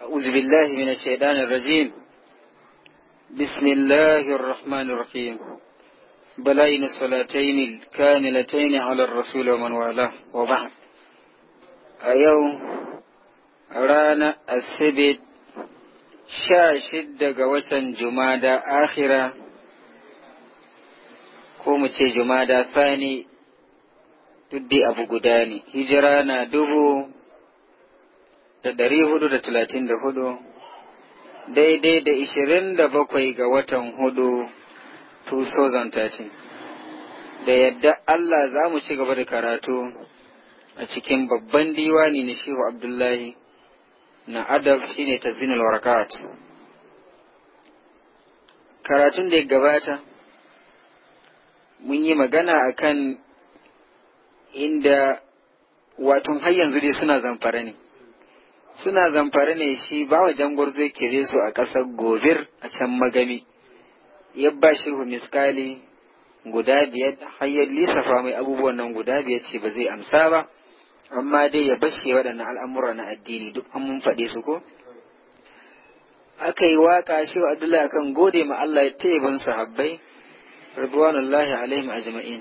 أعوذ بالله من الشيطان الرجيم بسم الله الرحمن الرحيم بلين الصلاتين الكاملتين على الرسول ومن والاه وبعد أيو رانا السبت شاشد قوسا جمادى آخرة كومتي mu ثاني duk dai abu guda ne hijira na dubu da ɗari hudu da talatin da hudu daidai da ishirin da bakwai ga watan hudu 2013 da yadda Allah za mu ci gaba da karatu a cikin babban diwani na shehu abdullahi na adab shine tazinul warakat karatun da ya gabata mun yi magana akan inda wato har yanzu dai suna zamfara ne suna zamfara ne shi ba wa jangor zai kere su a ƙasar gobir a can magami ya ba shehu miskali guda biyar har mai abubuwan nan guda biyar ce ba zai amsa ba amma dai ya bashe waɗannan al'amura na addini duk an mun faɗe su ko aka yi waka a abdullahi kan gode ma Allah ya taya bin sahabbai radwanullahi alaihim ajma'in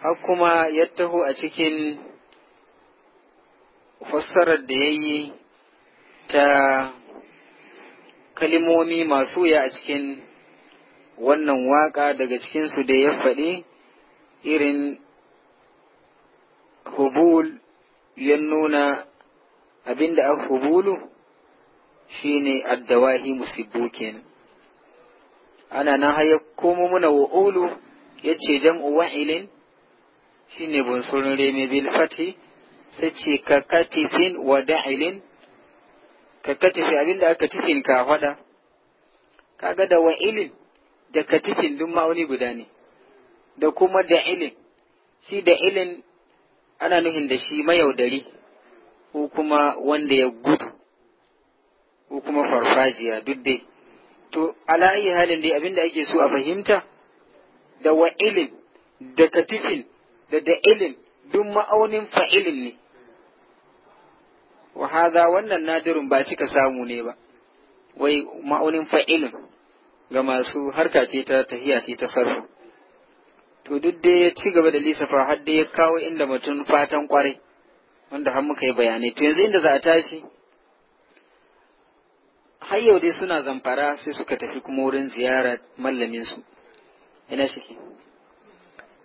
har kuma ya taho a cikin fassarar da ya yi ta kalimomi masu ya a cikin wannan waka daga cikinsu da ya faɗi irin hubul ya nuna abinda an hubulu shine addawahi musibbu ana nan har komo muna wa'ulu ya ce jam'u wa'ilin shine bunsurin reme bil fati sai ce ka katifin wa da'ilin ka katifi abin da aka tifin ka faɗa kaga da wa'ilin da katifin duk ma'auni guda ne da kuma da'ilin shi da'ilin ana nuhin da shi mayaudari ko kuma wanda ya gudu ko kuma farfajiya duk dai to ala'ayi halin dai abin da ake so a fahimta da wa'ilin da katifin da da'ilin duk ma'aunin fa'ilin ne wa wannan nadirin ba cika samu ne ba wai ma'aunin fa'ilin ga masu harka ce ta tahiya ce ta sarfu to duk da ya ci gaba da lissafa har dai ya kawo inda mutum fatan kwarai wanda har muka yi bayanai to yanzu inda za a tashi har yau dai suna zamfara sai suka tafi kuma wurin ziyarar mallaminsu. ina shi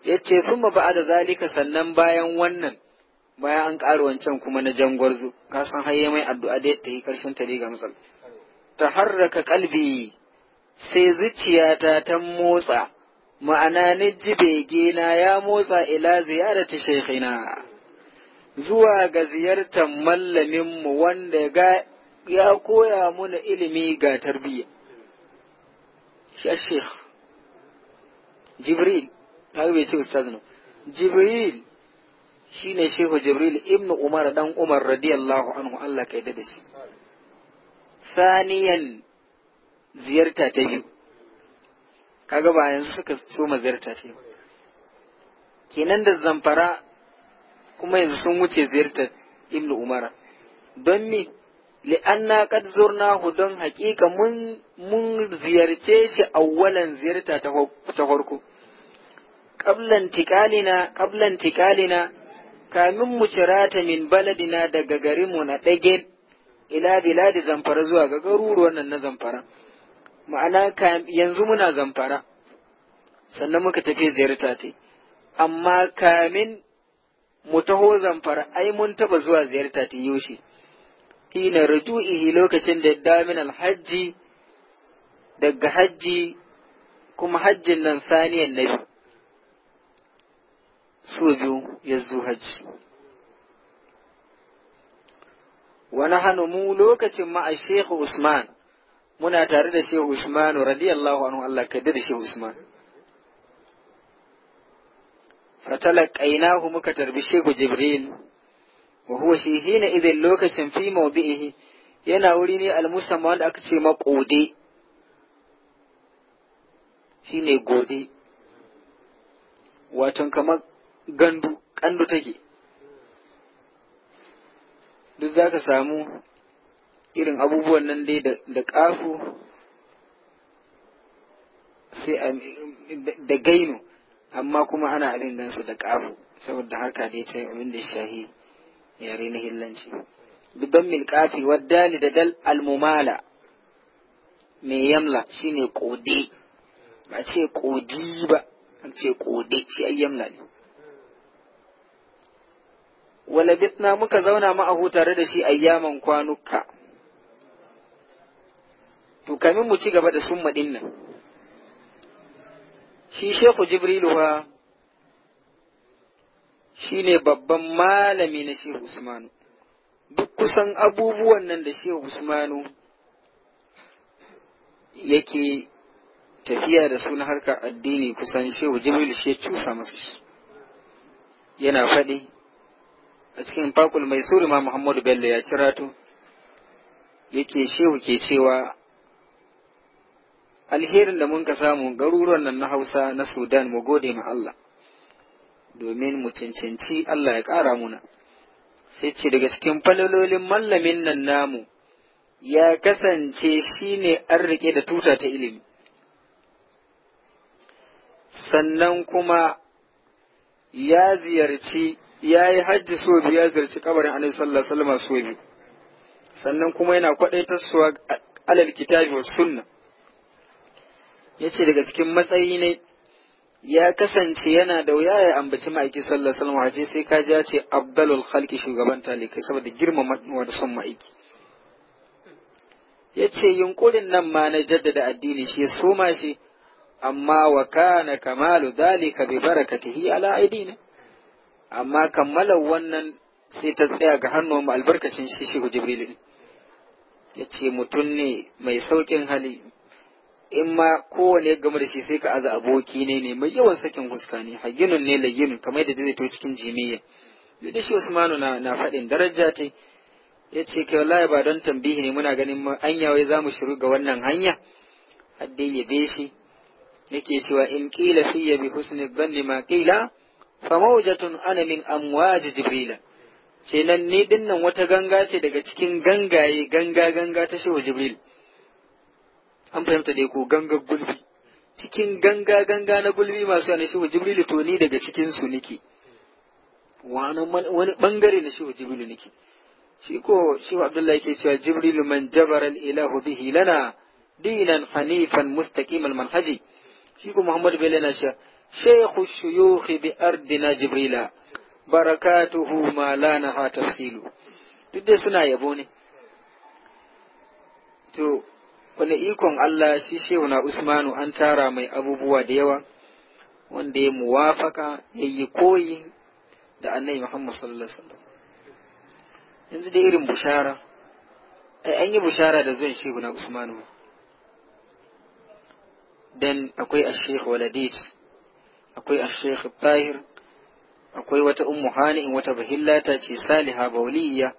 ya ce sun ba da zalika sannan bayan wannan bayan an karu wancan kuma na jangwarzo ka san haye mai addu'a da ta yi ƙarshen ta ga misal ta harraka kalbi sai zuciyata ta motsa ma'ana ni ji bege na ya motsa ila ziyarati shaykhina zuwa ga ziyartar mallamin mu wanda ga ya koya muna ilimi ga tarbiyya shi Jibril kaga bai ce ustaz no jibril shine shehu jibril ibnu umar dan umar radiyallahu anhu Allah ka yarda da shi saniyan ziyarta ta biyu kaga ba yanzu suka soma ziyarta ta biyu kenan da zamfara kuma yanzu sun wuce ziyarta ibnu umara don me li'anna qad zurnahu don haƙiƙa mun mun ziyarce shi awwalan ziyarta ta farko qablan tikalina qablan tikalina kamin mu cirata min baladina daga garinmu na ɗagen ila biladi zamfara zuwa ga garuruwan nan na zamfara ma'ana yanzu muna zamfara sannan muka tafi ziyarta ce amma kamin mu taho zamfara ai mun taba zuwa ziyarta ta yoshi hina ruju'ihi lokacin da damin alhaji daga hajji kuma hajjin nan saniyan nabi su biyu ya zo hajji wani hannu mu lokacin ma'a shehu usman muna tare da shehu usman radiyallahu anhu Allah kadir shehu usman fatalaqainahu muka tarbi shehu jibril wa huwa shi hina idan lokacin fi mawdi'ihi yana wuri ne almusamma wanda aka ce maƙode ne gode waton kamar gandu kandu take duk za ka samu irin abubuwan nan dai da ƙafu sai da gaino amma kuma ana abin gansu da ƙafu saboda haka dai ta abin da shahi yare na hillanci bidan min ƙafi wadda da dal almumala mai yamla shine kode ba ce kodi ba ce kode shi ayyamla ne walabitna muka zauna ma'ahu tare da shi ayyaman kwanuka to kamin mu ci gaba da summa din nan shi shehu jibrilu ha shi babban malami na shehu usmanu duk kusan abubuwan nan da shehu usmanu yake tafiya da suna harkar addini kusan shehu jibrilu shi ya cusa masu yana faɗi a cikin fakul mai suri ma Muhammadu Bello ya cirato yake shehu ke cewa alherin da mun ka samu garuruwan nan na Hausa na Sudan mu gode ma Allah domin mu cancanci Allah ya ƙara muna sai ce daga cikin falalolin mallamin nan namu ya kasance shi ne an rike da tuta ta ilimi sannan kuma ya ziyarci Yayi hajji so biyu ya ziyarci kabarin annabi sallallahu alaihi wasallam so biyu sannan kuma yana kwadai suwa alal kitabi wa sunna yace daga cikin matsayi ne ya kasance yana da wuya ya ambaci ma'aiki sallallahu alaihi wasallam sai kaji ya ce abdalul khalqi shugaban talikai saboda girmama da son ma'aiki yace yunkurin nan ma na jaddada addini shi ya soma shi amma wa kana kamalu dhalika bi barakatihi ala aidina amma kammalar wannan sai ta tsaya ga hannun albarkacin shi shi jibril ya ce mutum ne mai saukin hali in ma kowane game da shi sai ka aza aboki ne ne mai yawan sakin huska ne haginun ne laginun kamar da zai to cikin jimiyya Yadda shi usmanu na, na faɗin daraja ta ya ce kai wallahi ba don tambihi ne muna ganin anya wai za mu shiru ga wannan hanya haddai ya be shi yake cewa in kila fi ya bi husni dhanni ma kila famawjatun ana min amwaji jibrila kenan ni dinnan wata ganga ce daga cikin gangaye ganga ganga ta shehu jibril an fahimta dai ko ganga gulbi cikin ganga ganga na gulbi masu yana shehu jibril to ni daga cikin su niki wani bangare na shehu jibril niki shi ko shehu abdullahi yake cewa jibril man jabara ilahu bihi lana dinan hanifan mustaqimal manhaji shi ko muhammad bello yana cewa شيخ الشيوخ بأرضنا جبريل بركاته ما لا نها تفصيل duk dai suna yabo ne to wani ikon Allah shi shehu na Usmanu an tara mai abubuwa da yawa wanda ya muwafaka ya yi koyi da annabi Muhammad sallallahu alaihi wasallam yanzu da irin bushara ai an yi bushara da zuwan shehu na Usmanu dan akwai a shehu Waladid akwai ashekh tahir akwai wata ummu hani'in wata ta ce saliha bauliyya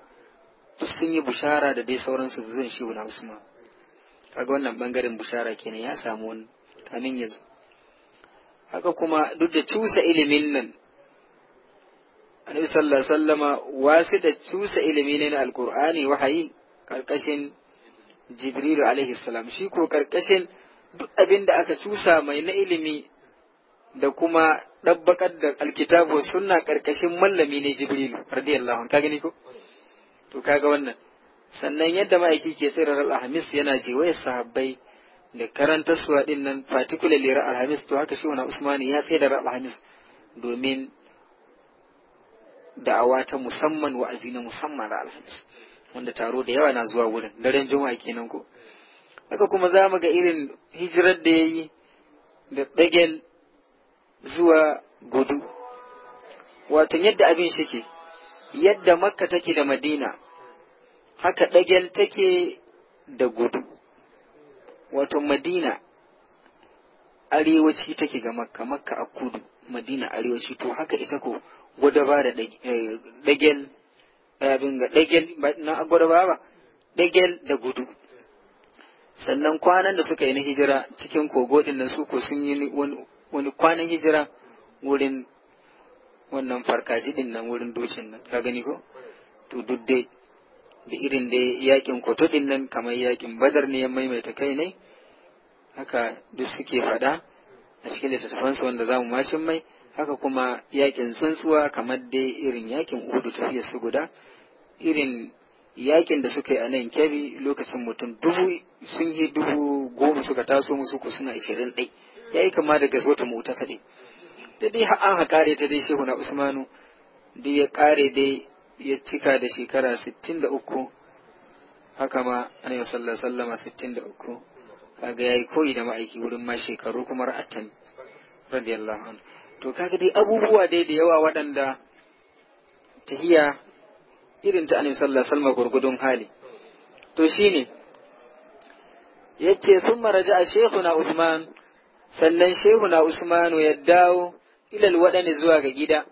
duk sun yi bushara da dai sauransu zan shi wani usman kaga wannan bangaren bushara kenan ya samu wani kamin ya zo haka kuma duk da cusa ilimin nan annabi sallallahu sallama wasu da cusa ilimi ne na alqur'ani wahayi karkashin jibril alaihi salam shi ko karkashin duk abin da aka cusa mai na ilimi da kuma ɗabbakar da alkitabu suna ƙarƙashin mallami ne jibrilu radiyallahu ka gani ko to kaga wannan sannan yadda ma'aiki ke tsirar alhamis yana jewaye sahabbai da karanta suwa din nan particularly ra alhamis to haka shi wani usmani ya tsaye da alhamis domin da'awa ta musamman wa azina musamman ra alhamis wanda taro da yawa na zuwa wurin daren juma'a kenan ko haka kuma za mu ga irin hijirar da ya yi da ɗagen zuwa gudu wato yadda abin shike yadda makka take da madina haka ɗagel take da gudu wato madina arewaci take ga makka makka a kudu madina arewaci to haka ita ko gwada ba da ɗagel eh, eh, abin ga ɗagel na gwada ba ba ɗagel da gudu sannan kwanan da suka yi na hijira cikin kogo ɗin nan su ko sun yi wani wani kwanan hijira wurin wannan farkashi din nan wurin dushin nan ka gani ko to duk dai da irin da yakin koto din nan kamar yakin badar ne ya maimaita kai ne haka duk suke faɗa a cikin littattafansa wanda zamu macin mai haka kuma yakin tsuntsuwa kamar dai irin yakin uhudu tafiyar su guda irin yakin da suka yi a nan kebi lokacin mutum dubu sun yi dubu goma suka taso musu ku suna ishirin ɗai ya yi kama da gazwata mota ta da dai an haƙare kare ta dai shehu na usmanu da ya kare dai ya cika da shekara 63 haka ma an yi sallar sallama 63 kaga ya yi koyi da ma'aiki wurin ma shekaru kuma ra'atan radiyallahu anhu to kaga dai abubuwa dai da yawa waɗanda tahiya irin ta an yi alaihi wasallam gurgudun hali to shine yace a shehu na usman. sannan shehu na usmanu ya dawo ilal waɗani zuwa ga gida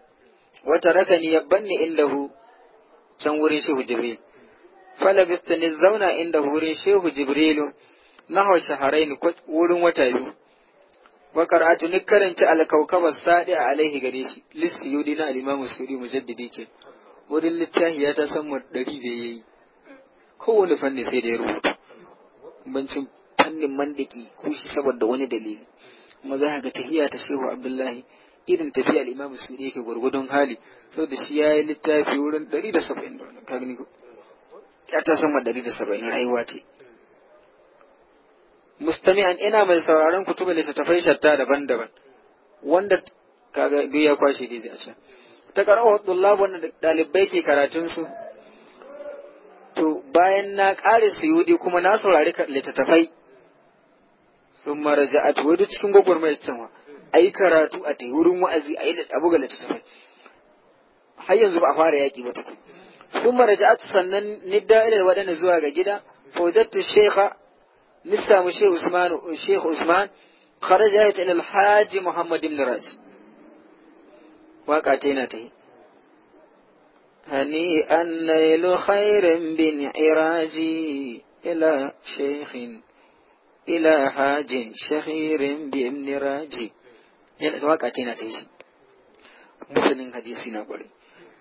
wata raka rakani ya banni hu can wurin shehu jibril falabista ni zauna inda wurin shehu jibrilu na haushe haraini wurin wata biyu wa karatu ni karanci alkaukabar sadi a alaihi gare shi lissiyudi na alimamu suri mujaddidi ke wurin littafi ya ta san ɗari da ya yi kowane fanni sai da ya rubuta bancin fannin mandaki ko shi saboda wani dalili kuma za ga tahiya ta shehu abdullahi irin tafiya al-imamu sudi yake gwargwadon hali saboda shi ya yi littafi wurin 170 ka gani ko ya ta sama 170 rayuwa ce mustami'an ina mai sauraron kutuba littattafai shatta daban-daban wanda kaga duk ya kwashe dai a can ta karawa dullab wanda dalibai ke karatun su to bayan na kare yudi kuma na saurari littattafai sun maraja a tuwa duk cikin gwagwarmayar canwa a yi karatu a tai wurin wa'azi a da abu ga littattafai har yanzu ba a fara yaƙi ba tukun sun maraja a sannan nidda ilal waɗanda zuwa ga gida fawjattu shekha mu shehu usman shehu usman kharaja ya ila haji muhammad ibn raj waka ta yana ta yi هنيئا ليل bin بالعراج ila شيخ إلى حاج شهير بابن راجي yana waka ce na ta musulun hadisi na kwarai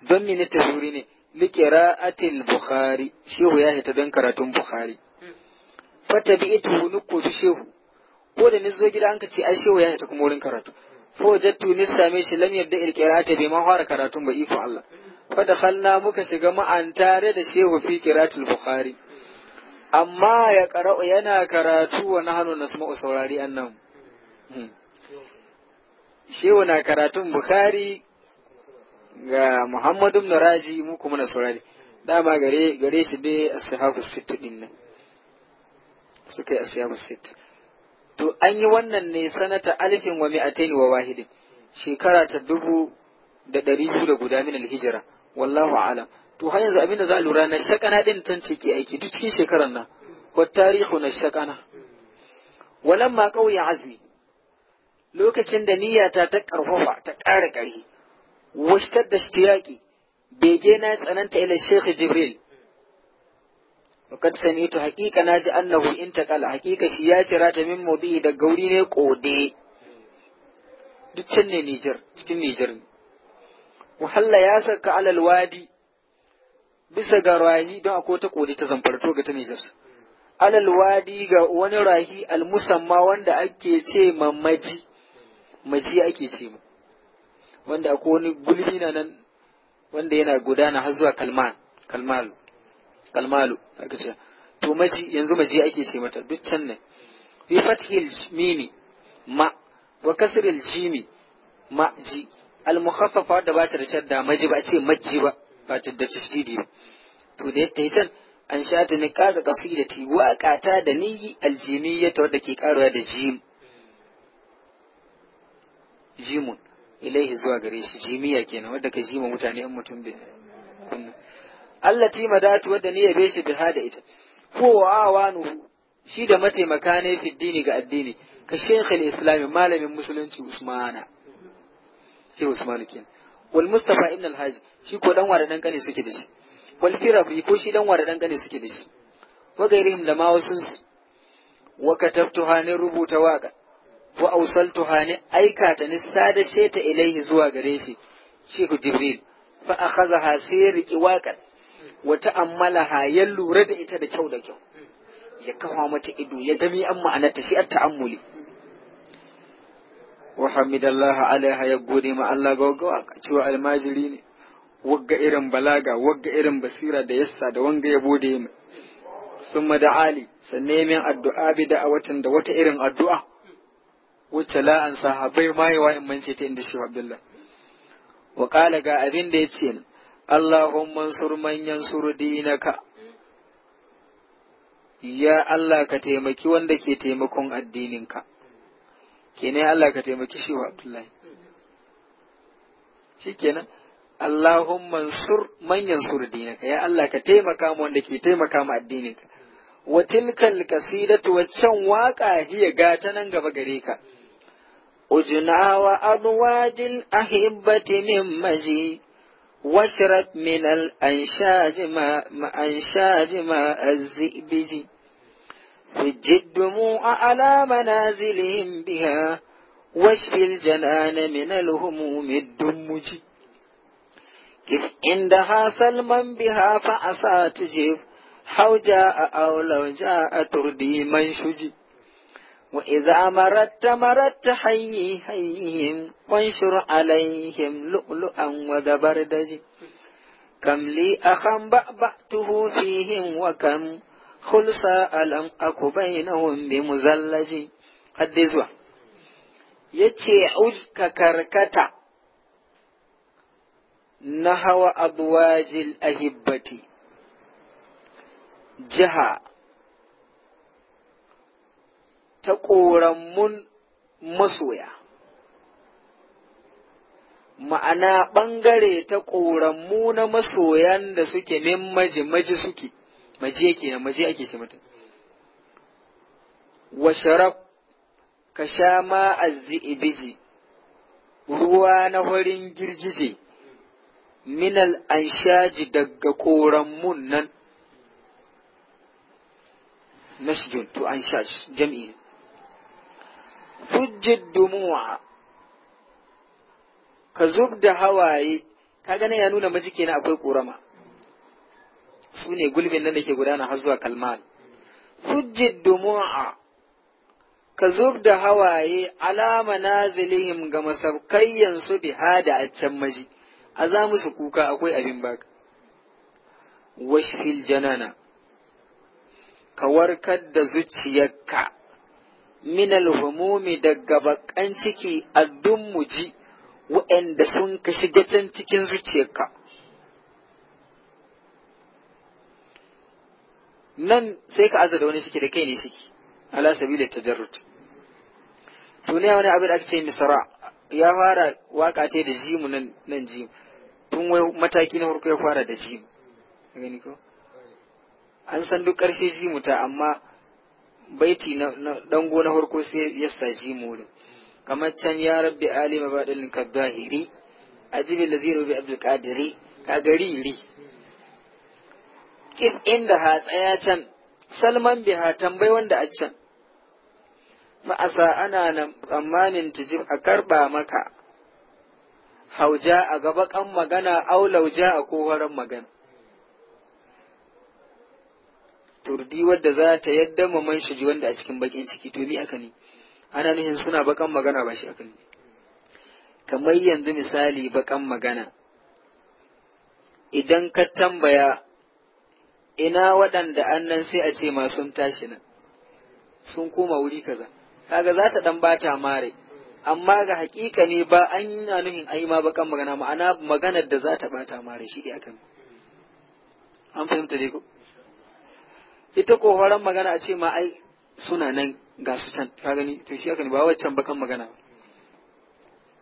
don mene ta shuri ne likira'atil bukhari shehu ya hita don karatun bukhari fata bi ita hunu ko su shehu ko da ni zo gida an ka ce ai shehu ya hita kuma wurin karatu fo jattu ni same shi lam yadda ilqira'ata bai ma fara karatun ba iko Allah fa dakhalna muka shiga ma'an tare da shehu fi qira'atil bukhari amma ya ƙara'u yana karatu wa na hannu na sama saurari annan hmm. shewa na karatun bukhari ga muhammadu na raji mu kuma na saurari dama gare gare shi dai ashabu sittu din nan suka yi ashabu sittu to an yi wannan ne sanata alifin wa mi'atain wa wahidin shekara ta dubu da ɗari biyu da guda min alhijira wallahu alam to har yanzu abinda za a lura na shakana din can ce ke aiki duk cikin shekarar nan wa tarihu na shakana ma kauye azmi lokacin da niyya ta ta karfafa ta ƙara ƙari washtar da shtiyaki bege na tsananta ila Sheikh Jibril وقد سمعت حقيقة ناجي أنه انتقل حقيقة شياتي رات من موضعي دا قولي ني قودي دي تشني نيجر تشكي نيجر وحل ياسك على الوادي bisa ga rahi don akwai wata koli ta zamfarto ga ta Nijar. Alal Alalwadi ga wani rahi almusamma wanda ake ce ma maji maji ake ce ma, wanda akwai wani gulbi na nan wanda yana gudana har zuwa kalman, kalmalu, kalmalu aka ce. To maji yanzu maji ake ce mata duk can nan. Bi fathil mimi ma wa kasril jimi ma ji al mukhaffafa da ba ta da shadda maji ba a ce maji ba. ba da tasdidi ba to da yadda ya san an sha ta ni kaka a kata da ni ta wadda ke karuwa da jim jimun ilaihi zuwa gare shi jimiya kenan wadda ka jima mutane in mutum bai ti madatu wadda ni yabe shi biha da ita ko nuhu shi da mataimaka ne fiddini ga addini ka shekhi islami malamin musulunci usmana ke usmanu kenan wal mustafa ibn al haji shi ko dan wada dan kane suke da shi wal yi ko shi dan wada dan kane suke da shi wa gairihim da ma wasun su wa katabtuha ne rubuta waka wa awsaltuha ne aika ta ni sadashe ta ilaihi zuwa gare shi shehu jibril fa akhadha sai riki waƙar wa ta'ammalaha ya lura da ita da kyau da kyau ya kawo mata ido ya gami an ma'anarta shi at ta'ammuli wa hamidallah alaiha ya gode ma Allah ga wagga cewa almajiri ne wagga irin balaga wagga irin basira da yassa da wanga ya bude mai summa da ali sanne min addu'a bi da watan da wata irin addu'a wacce la an sahabai in mance ta inda shi Abdullah wa qala abin da yace Allahumma ansur man yansur dinaka ya Allah ka taimaki wanda ke taimakon addininka kenan Allah ka taimaki shi wa Abdullahi kenan Allahumma sur man yansur dinaka ya Allah ka taimaka mu wanda ke taimaka mu addininka wa tilkal wa waccan waka hiya gata nan gaba gare ka ujna wa adwajil ahibbati min maji واشرب من الأنشاج ما, ma أنشاج ما سجد دموع على منازلهم بها واشف الجنان من الهموم الدمج كف عندها سلما بها فعسى تجيب حو جاء أو لو جاء تردي من شجي وإذا مرت مرت حيي حيهم وانشر عليهم لؤلؤا وذبردج كم لي أخا بأبعته فيهم وكم خلصا سألم أكو بينهم بمزلج قد زوا يتي عجك كركتا نحو أضواج الأهبة جهة من مسويا ma'ana ɓangare ta ƙorammu na masoyan da suke min maji maji suke majiya nan majiya ake ce mata wa sharab ka sha ma azzi'ibiji ruwa na horin girgije minal anshaji daga koran nan nashjun to anshaji jam'i fujjid dumu'a ka zub da hawaye ka gane ya nuna maji kenan akwai korama su ne gulbin nan da ke gudana har zuwa kalman fujjid dumu'a ka zub da hawaye alama nazilihim ga masaukayen su hada a can maji a za musu kuka akwai abin baka washfil janana ka warkar da zuciyarka minal humumi daga bakan ciki addun muji wa'anda sun ka shiga can cikin zuciyarka nan sai ka azza da wani suke da kai ne suke ala sabila tajarrud to ne wani abin da ake ce misra ya fara waka ce da jimu nan nan jimu tun wai mataki na farko ya fara da jimu gani ko an san duk ƙarshe jimu ta amma baiti na dango na farko sai ya sa jimu ne kamar can ya rabbi alima badalin kadahiri ajibi laziru bi abdul qadiri ka gari ri in inda ha tsaya can salman biha tambayi wanda a can fa'asa ana nan tsammanin tijib a karɓa maka hauja a gaba kan magana aulauja a koharan magana turdi wadda za ta yadda man shi wanda a cikin bakin ciki to bi aka ne ana nuhin suna bakan magana ba shi aka ne kamar yanzu misali bakan magana idan ka tambaya ina waɗanda annan sai a ce ma sun tashi nan sun koma wuri kaza kaga za ta dan bata mare amma ga hakika ne ba an yi na nuhin ayi ma bakan magana ma'ana maganar da za ta bata mare shi ne akan an fahimta dai ko ita ko horon magana a ce ma ai suna nan ga su can ka gani to shi ne ba waccan bakan magana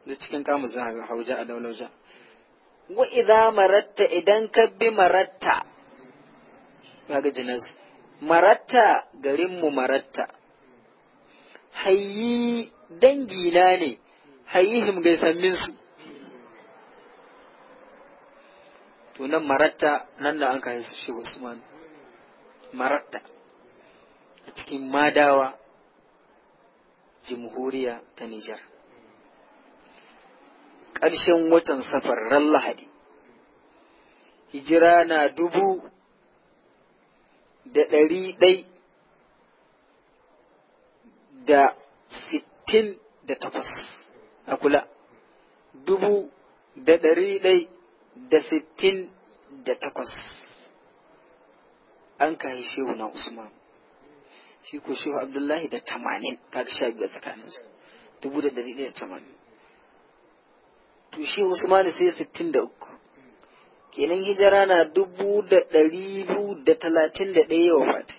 da cikin kamus za ga hauja a daular wa idza maratta idan ka bi maratta kaga jinas maratta garinmu maratta hayyi dangina ne hayyihim gaisamminsu to nan maratta nan da an kayi su shi usman maratta a cikin madawa jamhuriya ta nijar Karshen watan safar ran lahadi hijira na dubu da ɗari ɗai da sittin da takwas a kula dubu da ɗari ɗai da sittin da takwas an kayi shehu na usman shi ko shehu abdullahi da tamanin kaga sha biyar tsakaninsu dubu da ɗari ɗai da tamanin to shehu usman sai sittin da uku kenan hijira na dubu da ɗari biyu da talatin da ɗaya wa Fati.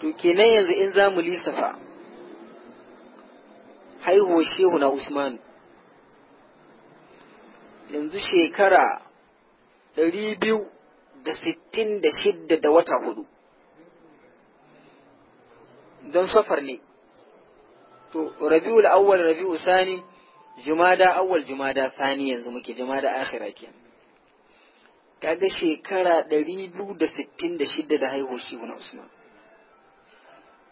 to kenan yanzu in za mu lisafa haihuwar shehu na usman yanzu shekara ɗari biyu da sittin da shidda da wata hudu don safar ne to rabi'ul awwal rabi'u sani jumada awwal jumada sani yanzu muke jumada akhira ke kaga shekara 266 biyu da sittin da da haihuwar shi na usman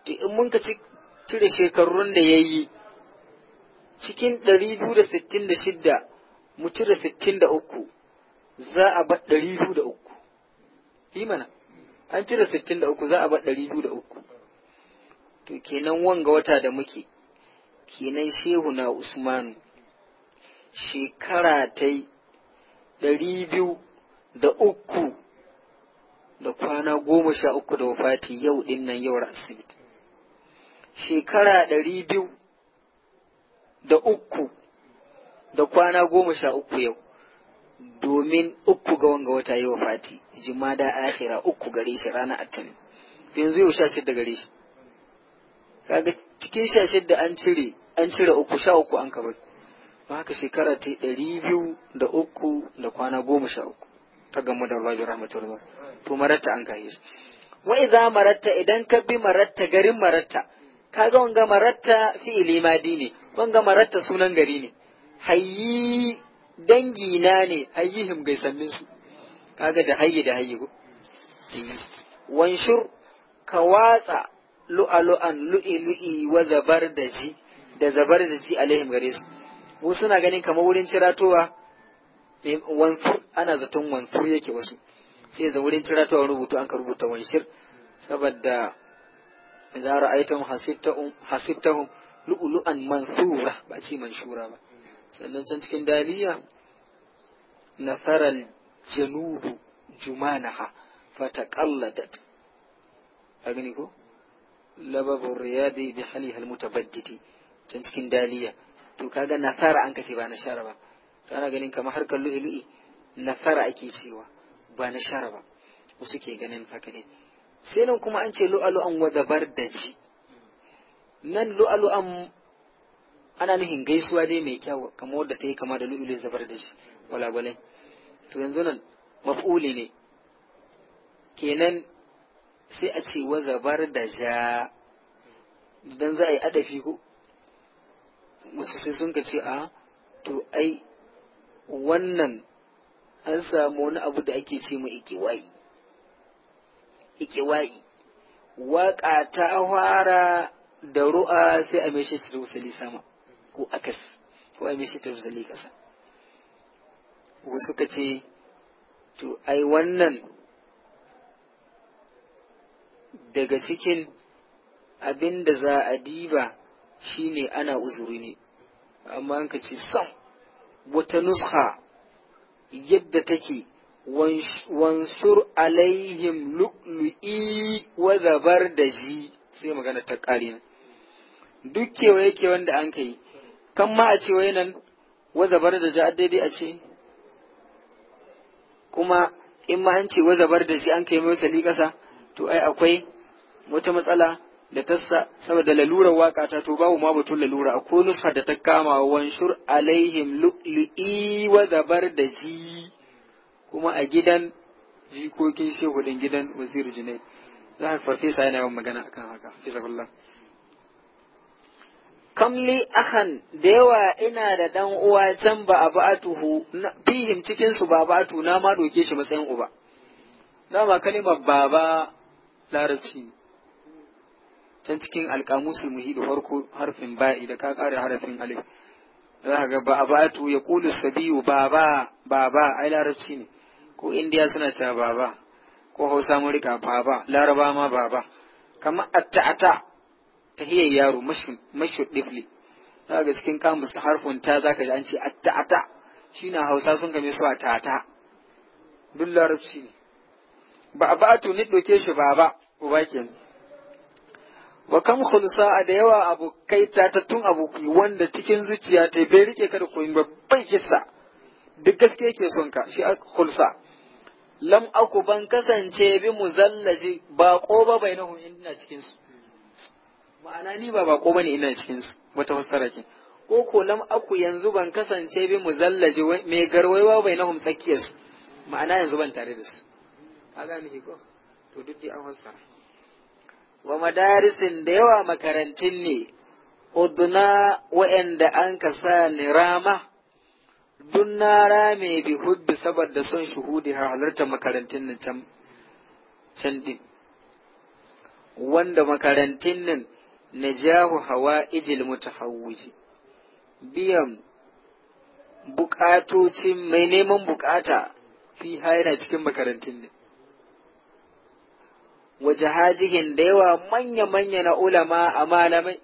to in mun ka cire shekarun da ya yi cikin 266 biyu da sittin da mu cire sittin da uku za a bar 203 biyu da uku yi mana an cire sittin da uku za a bar 203 biyu da uku to kenan wanga wata da muke kenan shehu na usmanu shekara ta ɗari biyu da uku da kwana goma sha uku da wafati yau ɗin nan yau rasid shekara ɗari biyu da uku da kwana goma sha uku yau domin uku ga wanga wata yi wa fati jimada akhira uku gare shi rana atin yanzu yau sha shidda gare shi kaga cikin sha shidda an cire an cire uku sha uku an kabar haka shekara ta ɗari biyu da uku da kwana goma sha uku ta gamu da Allah rahmatullah to maratta an kai shi wa idza maratta idan ka bi maratta garin maratta kaga wanga maratta fi'ili madi ne wanga maratta sunan gari ne hayyi dangi na ne hayyihim sannin su kaga da hayyi da hayyi go wanshur ka watsa lu'alu'an lu'i lu'i wa zabar da ji da zabar da ji alaihim gare su wasu suna ganin kamar wurin ciratowa eh, wanfur ana zaton wanfur yake wasu sai za wurin ciratowa rubutu an ka rubuta wanshir saboda za ra'aitum hasibtahum hasibtahum lu'lu'an mansura ba ce manshura ba sannan can cikin daliya nasaral janubu jumanaha fataqalladat a gani ko lababur riyadi bi halihal mutabaddidi can cikin daliya to kaga nasara an kace ba na shara ba to ana ganin kamar harkar lu'ilu'i nasara ake cewa ba na shara ba wasu ke ganin haka ne sai nan kuma an ce lu'alu'an wa ji nan an ana nuhin gaisuwa dai mai kyau kamar wadda ta yi kama da lu'ulu'in wala gwalagwalai to yanzu nan maf'uli ne kenan sai a ce wa zabar da ja dan za a yi adafi ko wasu sai sun ka ce a to ai wannan an samu wani abu da ake ce ma ikiwayi ikiwayi waƙa ta fara da ru'a sai a meshe ta tausali sama ko akas ko a meshe ta rusali ƙasa wasu ka ce to ai wannan daga cikin abin da za a diba shi ne ana uzuri ne amma an ka ce sam wata nuska yadda take wansur alaihim lu'lu'i wa zabar da ji sai magana ta ƙari duk kewa yake wanda an ka yi kan ma a ce wai nan wa zabar da ja daidai a ce kuma in ma an ce wa zabar da ji an kai mai wasali ƙasa to ai akwai wata matsala da tassa saboda lalura waka ta to babu ma batun lalura akwai nusha da ta kama wanshur alaihim lu'i wa zabar da ji kuma a gidan jikokin shehu din gidan wazir junaid za a farfesa yana yawan magana akan haka fisakullah kamli ahan da yawa ina da dan uwa can ba a ba'atuhu fihim cikin su ba ba'atu na ma doke shi matsayin uba dama kalimar baba larabci ne. can cikin alƙamusul muhidu farko harfin ba'i da ka ƙara harafin alif za ka ga ba tu ya kulu sabiyu ba ba ai larabci ne ko indiya suna cewa ba ko hausa murika ba laraba ma ba kamar atta'ata ta hiya yaro mashi ɗifli za ga cikin kamus harfin ta za ka ji an ce atta'ata shi na hausa sun game su a tata duk larabci ne ba ba tu ni ɗauke shi baba uba kenan wa kam khulsa da yawa abokai tatattun abokai wanda cikin zuciya ta bai rike ka da koyin ba bai kissa duk gaske yake son ka shi khulsa lam aku ban kasance bi muzallaji ba ko ba bai bainahum ina cikin su ma'ana ni ba bako bane ina cikin su wata fassara ke ko ko lam aku yanzu ban kasance bi muzallaji mai garwaiwa bainahum tsakiyar su ma'ana yanzu ban tare da su ka gane ko to duk dai an fassara wa madarisin da yawa makarantun ne, uduna wa'yanda an ka sa ni rama, dun na rame bi hudu saboda son shuhudi har halartar makarantun nan can, din. Wanda makarantun nan na jahu hawa ijil mutahawwiji biyan bukatocin mai neman bukata fi yana cikin makarantun nan. wajahajihin da yawa manya-manya na ulama a malamai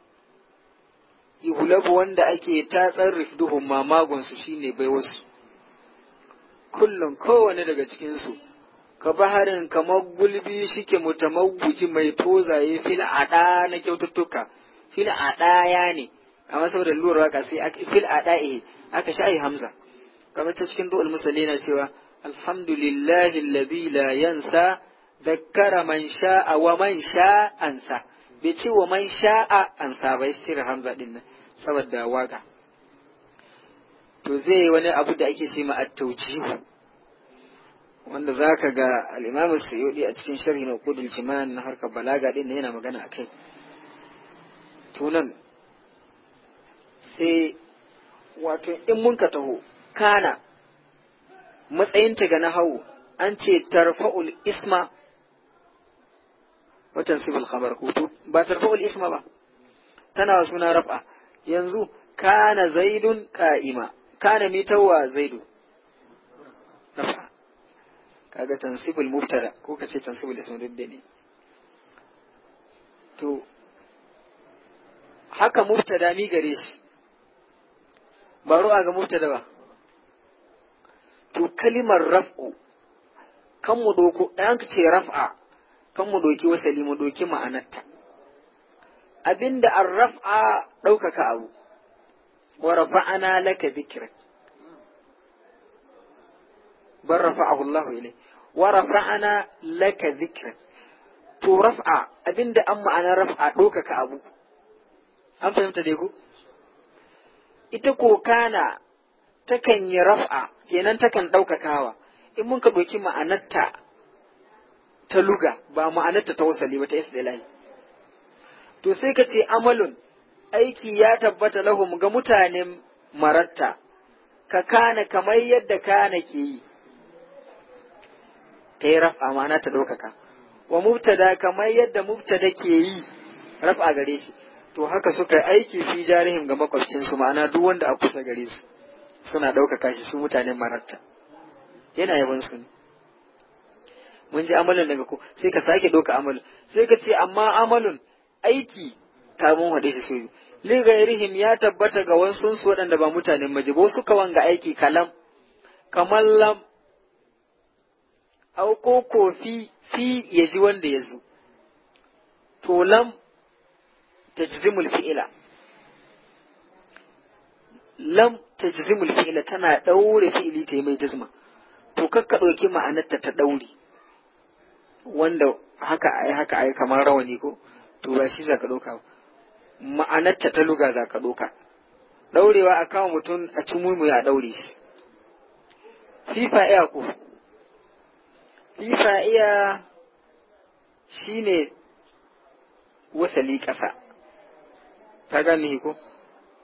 ihulabu wanda ake tatsar rifduhun mamagunsu shine bai wasu kullum kowane daga cikinsu ka baharin kamar gulbi shike mutamawuji mai tozaye fil ada na kyaututtuka fil ada ya ne amma saboda lura ka sai fil ada eh aka sha'i hamza kamar ta cikin du'ul musalli na cewa alhamdulillahi alladhi la yansa zakkara man sha'a wa man sha'ansa bai ce wa man sha'a ba ya cire hamza din nan saboda waka to zai wani abu da ake ce ma at-tawjih wanda zaka ga al-Imam a cikin shirin na Qudul na harkar balaga din yana magana akai to nan sai wato in mun ka taho kana matsayinta ga nahawu an ce tarfa'ul isma watan sibul khabar hutu ba tarfa'ul isma ba tana suna raf'a yanzu kana zaidun qa'ima kana mitawa zaidu raf'a kaga tansibul mubtada ko kace tansibul isma duk da ne to haka mubtada mi gare shi ba ru'a ga mubtada ba to kalimar raf'u kan mu doko ɗan ce raf'a kan mu doki wasali mu doki ma'anarta abinda arraf'a ɗaukaka abu wa rafa'ana laka dhikrak bar rafa'ahu Allah ilai wa rafa'ana laka zikira to raf'a abinda an ma'ana raf'a ɗaukaka abu an fahimta dai ku ita kana takan yi raf'a kenan takan ɗaukakawa in mun ka ɗauki ma'anarta ta luga ba ma'anar ta wasali ba ta istilahi to sai ka ce amalun aiki ya tabbata lahum ga mutanen maratta ka kana kamar yadda kana ke yi ta yi raf'a ma'ana ta ɗaukaka wa mubtada kamar yadda mubtada ke yi raf'a gare shi to haka suka aiki fi jarihim ga makwabcinsu ma'ana duk wanda a kusa gare su suna ɗaukaka shi su mutanen maratta yana yabon su ne mun ji amalin daga ku sai ka sake doka amalin sai ka ce amma amalin aiki ta mun haɗe shi soyu. li gairihim ya tabbata ga wasu su waɗanda ba mutanen maji ba suka wanga aiki kalam kamar lam au ko kofi fi ya ji wanda ya zo to lam tajzimul fi'ila lam tajzimul fi'ila tana ɗaure fi'ili ta yi mai jazma to kakka ɗauki ma'anarta ta ɗaure wanda haka yi haka yi kamar rawani ko Tura shi za ka ɗauka ma'anarta ta luga za ka ɗauka ɗaurewa a kawo mutum a ci mummu a ɗaure shi fifa iya ko fifa iya shi ne wasali ƙasa ta gane ko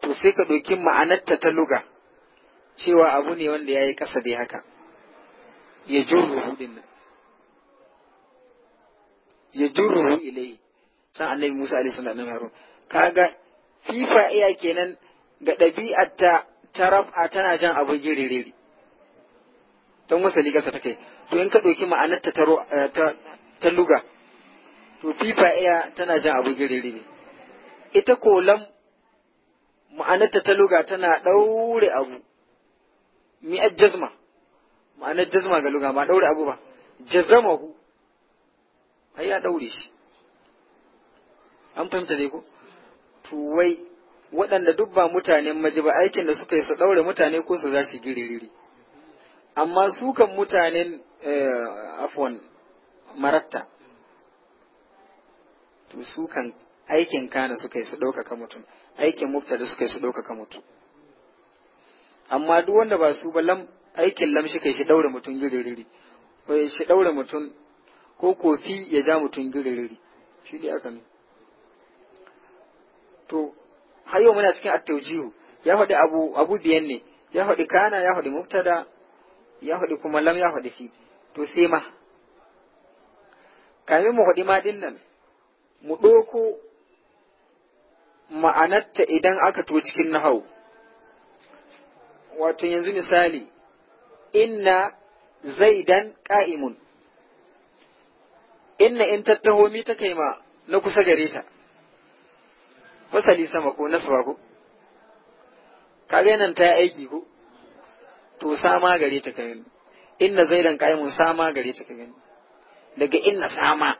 to sai ka ɗauki ma'anarta ta luga cewa abu ne wanda ya yi ƙasa dai haka ya jurru hudin nan ya jurruhu ilai san annabi Musa alaihi salam Harun kaga fifa iya kenan ga ɗabi'ar ta a tana jan abu giririri don wasa gasa ta kai to in ka ɗauki ma'anar ta ta eh, luga to fifa iya tana jan abu giririri ita kolam ma'anar ta ta luga tana ɗaure abu mi'ar jazma ma'anar jazma ga luga ba ɗaure abu ba jazamahu ai ya daure shi an fahimta ne ko to wai waɗanda duk ba mutanen maji ba aikin da suka yi su daure mutane ko su zashi giriri amma su kan mutanen eh, afwan maratta to su kan aikin kana suka yi su ɗaukaka mutum aikin da suka yi su ɗaukaka mutum amma duk wanda ba su ba lam aikin lam shi kai shi daure mutum giririri shi daure mutum ko kofi ya ja mutum girirri shi dai aka ne to har yau muna cikin attaujihu ya faɗi abu abu biyan ne ya faɗi kana ya faɗi mubtada ya faɗi kuma lam ya faɗi fi to sai ma kamin mu faɗi ma din nan mu ɗoko ma'anarta idan aka to cikin nahau wato yanzu misali inna zaidan ƙa'imun inna in tattaho mi ta kai ma na kusa gare ta wasali sama ko nasaba ko kaga nan ta aiki ko to sama gare ta kai inna zaidan qaimun sama gare ta kai daga inna sama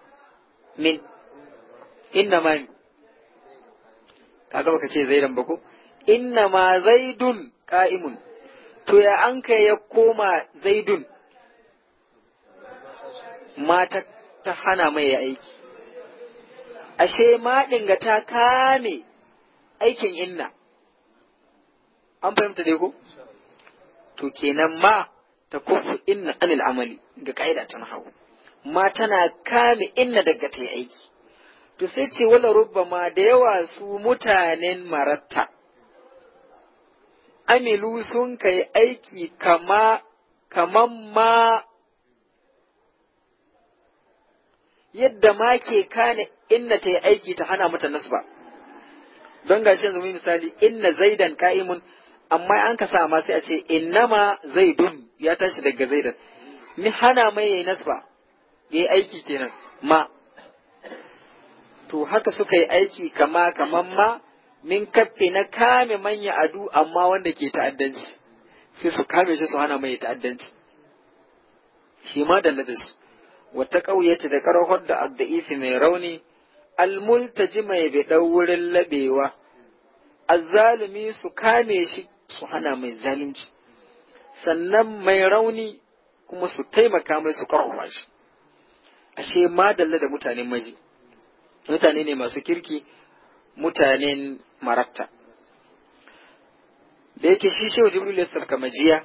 min inna ma kaga baka ce zaidan ba ko inna ma zaidun qa'imun to ya an kai ya koma zaidun mata ta hana mai aiki ashe maɗin ga ta kame aikin inna an fahimta dai ko to kenan ma ta kufu inna anil amali ga ka'ida ta nahawu ma tana kame inna daga ta aiki to sai ce wala rubbama da yawa su mutanen maratta amilu sun kai aiki kama kaman ma yadda ma ke kane inna ta yi aiki ta hana mata nasba don gashi yanzu mun misali inna zaidan ka'imun amma an ka sa ma sai a ce ma zaidun ya tashi daga zaidan ni hana mai yayi nasba yayi aiki kenan ma to haka suka yi aiki kama kaman ma min kaffe na kame manya adu amma wanda ke ta'addanci sai su kame shi su hana mai ta'addanci shi ma da su wata ce da ƙarfar da adda'ifi mai rauni almultaji mai biɗan wurin laɓewa azzalumi su kame shi su hana mai zalunci sannan mai rauni kuma su taimaka mai su ƙarfafa shi ashe madalla da mutanen maji mutane ne masu kirki mutanen maratta. da yake shi shi jibril ya sarka majiya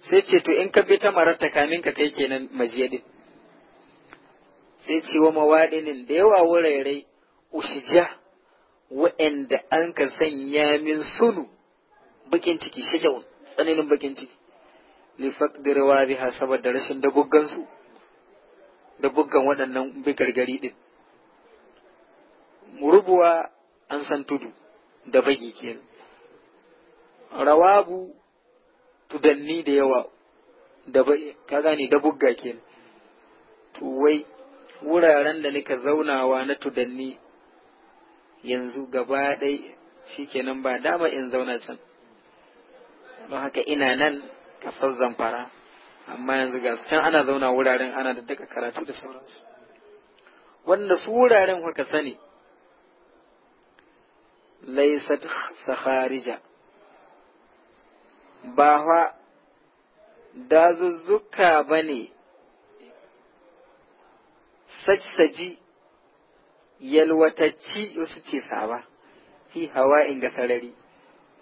sai ce to in ka bi ta mararta kamin ka kai kenan majiya din sai ce wa mawaɗinin da yawa wurare ushija wa'anda an ka sanya min sunu bakin ciki shajaun tsananin bakin ciki lifak direwa biha saboda rashin guggan su da buggan waɗannan bigargari din rubuwa an san tudu da bagi kenan rawabu tudanni da yawa da ka gane da bugga kenan to wai wuraren da nika zaunawa na tudanni yanzu gaba ɗai kenan ba dama in zauna can don haka ina nan kasar zamfara amma yanzu ga can ana zauna wuraren ana da daga karatu da sauransu wanda su wuraren kuka sani laisat sakharija ba fa dazuzzuka ba ne sassaji yalwatacci wasu ce saba fi hawa in ga sarari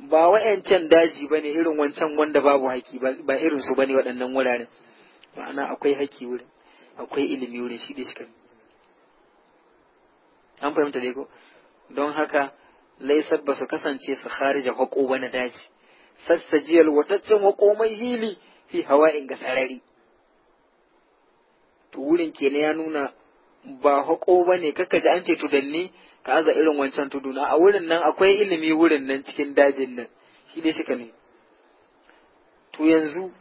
ba wa'yancan daji ba ne irin wancan wanda babu haki ba irin su ba ne waɗannan wuraren ma'ana akwai haki wurin akwai ilimi wurin shi da shi an fahimta dai ko don haka laisar ba su kasance su kharija hako ba na daji sassajiyar wataccen hako mai hili fi hawa in ga sarari to wurin kenan ya nuna ba haƙo ba ne kaka ji an ce tudanni ka aza irin wancan tuduna a wurin nan akwai ilimi wurin nan cikin dajin nan shi ne shi ne to yanzu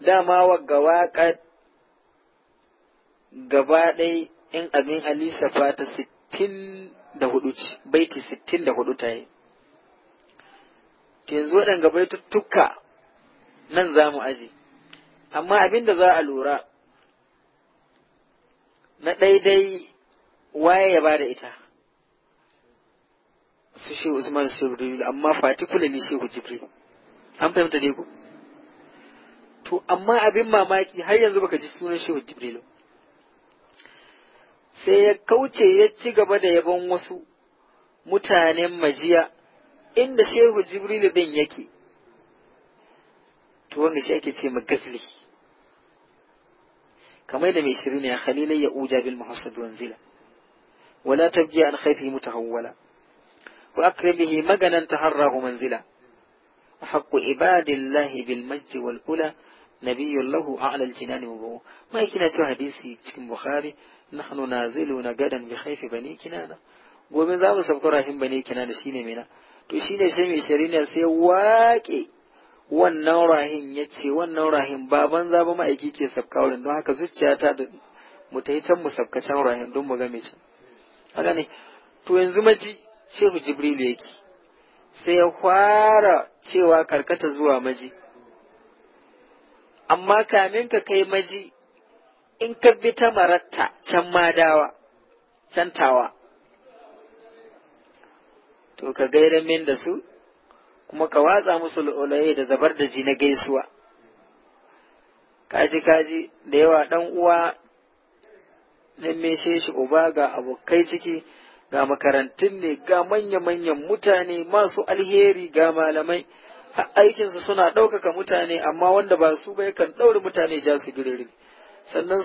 dama wa gawaka gaba ɗai in abin Alisa fata sittin da hudu baiti sittin da hudu ta yi yanzu waɗanga baitattuka nan za mu aje amma abin da za a lura na daidai waye ya bada ita su shi Usman su Jibril amma particularly Shehu Jibril an fahimta ne ku to amma abin mamaki har yanzu baka ji sunan Shehu Jibril sai ya kauce ya ci gaba da yabon wasu mutanen majiya inda Shehu Jibril din yake to wanda shi ake ce magazli kamar da mai ne a khalilai ya uja bil muhassab Zila? wala tabji an khayfi mutahawwala wa akribihi maganan taharrahu manzila وحق عباد الله بالمجد والأولى نبي له أعلى الجنان وبو ما يكنا شو حديثي cikin Bukhari nahnu naziluna gadan bi khayfi bani kinana gobe za mu sabko rahim bani kinana shine Minna. to shine sai mai shari'a sai waƙe wannan rahin ya ce wannan rahin ba banza ba ma'aiki ke sabka wurin don haka zuciya da ta can mu sabka rahin don mu game can haka ne to yanzu maji shehu jibrilu yake sai ya fara cewa karkata zuwa maji amma kamin ka kai maji in ka bi ta maratta can madawa can tawa to ka gaira min da su kuma ka watsa musu lu'ulu'ai da zabar da ji na gaisuwa kaji kaji da yawa dan uwa na meshe shi uba ga abokai ciki ga makarantun ne ga manya-manyan mutane masu alheri ga malamai aikinsu suna ɗaukaka mutane amma wanda ba su ba yakan ɗauri mutane ja su giriri sannan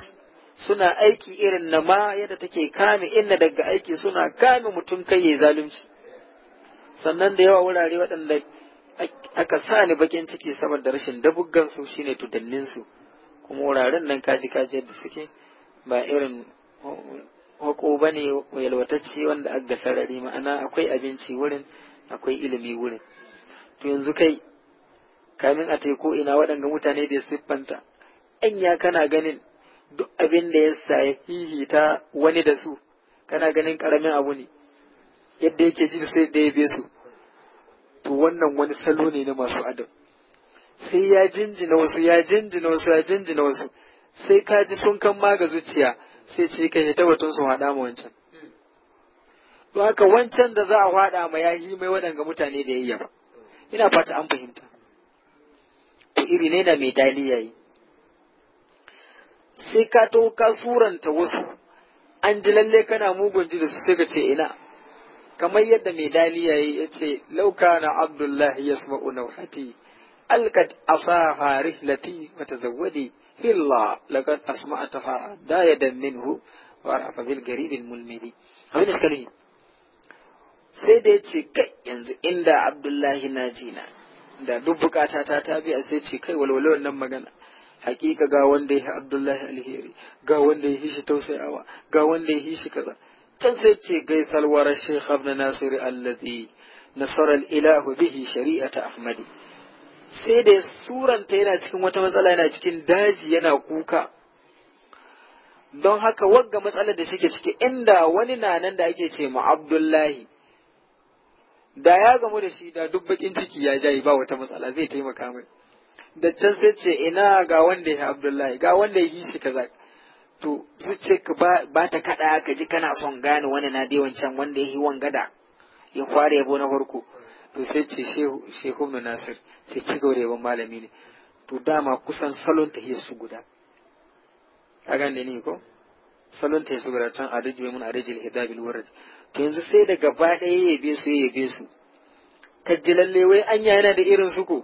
suna aiki irin na ma yadda take kame inna daga aiki suna kame mutum kai ya zalunci sannan da yawa wurare waɗanda aka sa ni bakin ciki saboda rashin dabuggan su shine tudannin su kuma wuraren nan kaji kaji yadda suke ba irin hako ba ne yalwatacce wanda aga sarari ma'ana akwai abinci wurin akwai ilimi wurin to yanzu kai kamin a teku ina waɗanga mutane da siffanta anya kana ganin duk abin da ya hihita wani da su kana ganin karamin abu ne yadda yake ji sai da ya besu su to wannan wani salo ne na masu adam sai ya jinjina wasu ya jinjina wasu ya jinjina wasu sai ka ji sun kan maga zuciya sai ce kai ta batun sun haɗa ma wancan to haka wancan da za a haɗa ma ya yi mai waɗanga mutane da yayya ba ina fata an fahimta to iri ne na mai dali yayi sai ka to ka suranta wasu an ji lalle kana mugun ji da su sai ka ce ina kamar yadda mai daliya ya ce lauka na abdullahi ya sama unauhati alkat asaha rihlati wata zawwadi hilla lagat asma'ataha da ya dan minhu wa rafa bil garibin mulmili abin suka nuhi sai da ya ce kai yanzu inda abdullahi na jina da duk bukata ta ta biya sai ce kai walwale wannan magana hakika ga wanda ya yi abdullahi alheri ga wanda ya yi shi tausayawa ga wanda ya yi shi kaza can sai ce gaisal wara Sheikh Ibn Nasir allazi nasara al-ilahu bihi shari'ata Ahmadi sai da ta yana cikin wata matsala yana cikin daji yana kuka don haka wagga matsala da shike ciki inda wani na nan da ake ce mu Abdullahi da ya gamu da shi da duk ciki ya jayi ba wata matsala zai taimaka mai da sai ce ina ga wanda ya Abdullahi ga wanda ya yi shi kaza to ka ba ta kaɗa ka ji kana son gane wani na dai wancan wanda ya yi wangada ya kware yabo na farko to sai ce shehu ibn nasir sai ci gaba da yabon malami ne to dama kusan salon ta su guda a gane ni ko salon ta su guda can adaj mai mun adaj da hidabil warad to yanzu sai da gaba ɗaya ya yabe su ya yabe su kajji lalle wai anya yana da irin su ko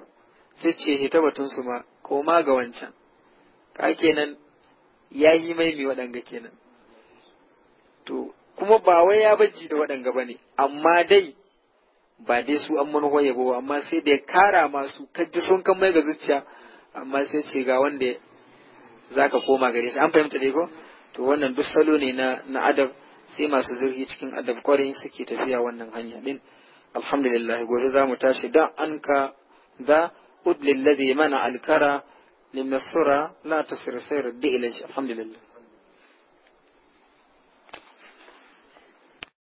sai ce hita batun su ma ko ma ga wancan ka kenan ya yi mai mai waɗanga kenan to kuma ba wai ya bajji da waɗanga ba ne amma dai ba dai su an manuwa yabo amma sai da ya kara masu kaji sun kan mai ga zuciya amma sai ce ga wanda za ka koma gare shi an fahimta dai ko to wannan duk salo ne na na adab sai masu zurfi cikin adab kwarin suke tafiya wannan hanya ɗin alhamdulillah gobe za mu tashi da an ka da udlil ladhi mana alkara لما الصورة لا تصير سير الدي إلى الحمد لله